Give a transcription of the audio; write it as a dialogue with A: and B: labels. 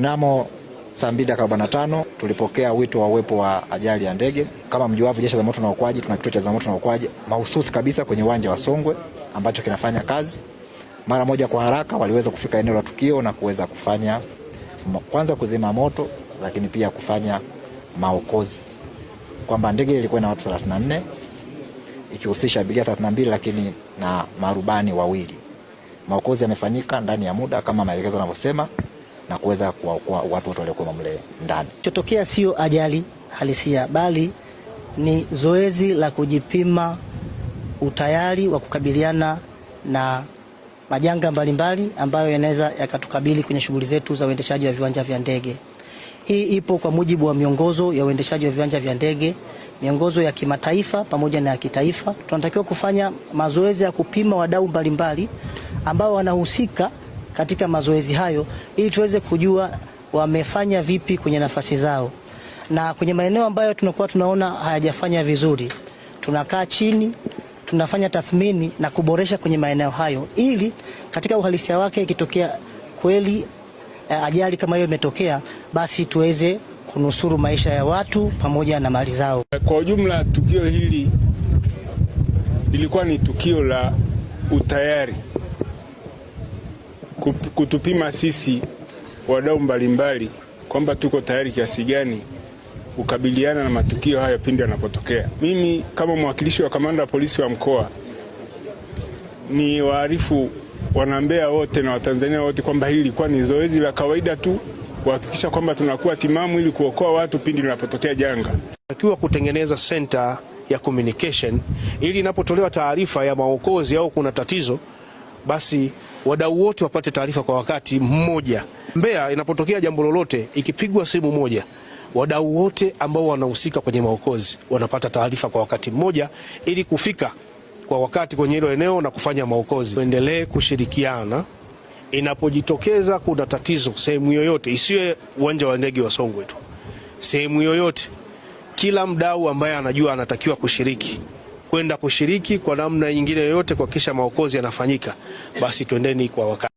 A: Mnamo saa tano tulipokea wito wa uwepo wa ajali ya ndege. Kama mjuavyo, jeshi la zimamoto na uokoaji tuna kituo cha zimamoto na uokoaji mahususi kabisa kwenye uwanja wa Songwe ambacho kinafanya kazi. Mara moja kwa haraka waliweza kufika eneo la tukio na kuweza kufanya kwanza kuzima moto, lakini pia kufanya maokozi kwamba ndege ilikuwa na watu 34 ikihusisha abiria 32 lakini na marubani wawili. Maokozi yamefanyika ndani ya muda kama maelekezo yanavyosema na kuweza kuwaokoa watu wote waliokuwa mle ndani.
B: Chotokea sio ajali halisia, bali ni zoezi la kujipima utayari wa kukabiliana na majanga mbalimbali ambayo yanaweza yakatukabili kwenye shughuli zetu za uendeshaji wa viwanja vya ndege. Hii ipo kwa mujibu wa miongozo ya uendeshaji wa viwanja vya ndege, miongozo ya kimataifa pamoja na ya kitaifa. Tunatakiwa kufanya mazoezi ya kupima wadau mbalimbali ambao wanahusika katika mazoezi hayo ili tuweze kujua wamefanya vipi kwenye nafasi zao, na kwenye maeneo ambayo tunakuwa tunaona hayajafanya vizuri, tunakaa chini, tunafanya tathmini na kuboresha kwenye maeneo hayo, ili katika uhalisia wake ikitokea kweli eh, ajali kama hiyo imetokea, basi tuweze kunusuru maisha ya watu pamoja na mali zao.
C: Kwa ujumla, tukio hili ilikuwa ni tukio la utayari kutupima sisi wadau mbalimbali kwamba tuko tayari kiasi gani kukabiliana na matukio hayo pindi yanapotokea. Mimi kama mwakilishi wa kamanda wa polisi wa mkoa ni waarifu wanambea wote na Watanzania wote kwamba hili lilikuwa ni zoezi la kawaida tu kuhakikisha kwamba tunakuwa timamu ili kuokoa watu pindi linapotokea janga.
D: Takiwa kutengeneza senta ya communication ili inapotolewa taarifa ya maokozi au kuna tatizo basi wadau wote wapate taarifa kwa wakati mmoja. Mbeya inapotokea jambo lolote, ikipigwa simu moja, wadau wote ambao wanahusika kwenye maokozi wanapata taarifa kwa wakati mmoja ili kufika kwa wakati kwenye hilo eneo na kufanya maokozi. Tuendelee kushirikiana inapojitokeza kuna tatizo sehemu yoyote, isiwe uwanja wa ndege wa Songwe tu, sehemu yoyote, kila mdau ambaye anajua anatakiwa kushiriki kwenda kushiriki kwa namna nyingine yoyote kuhakikisha maokozi yanafanyika, basi twendeni kwa wakati.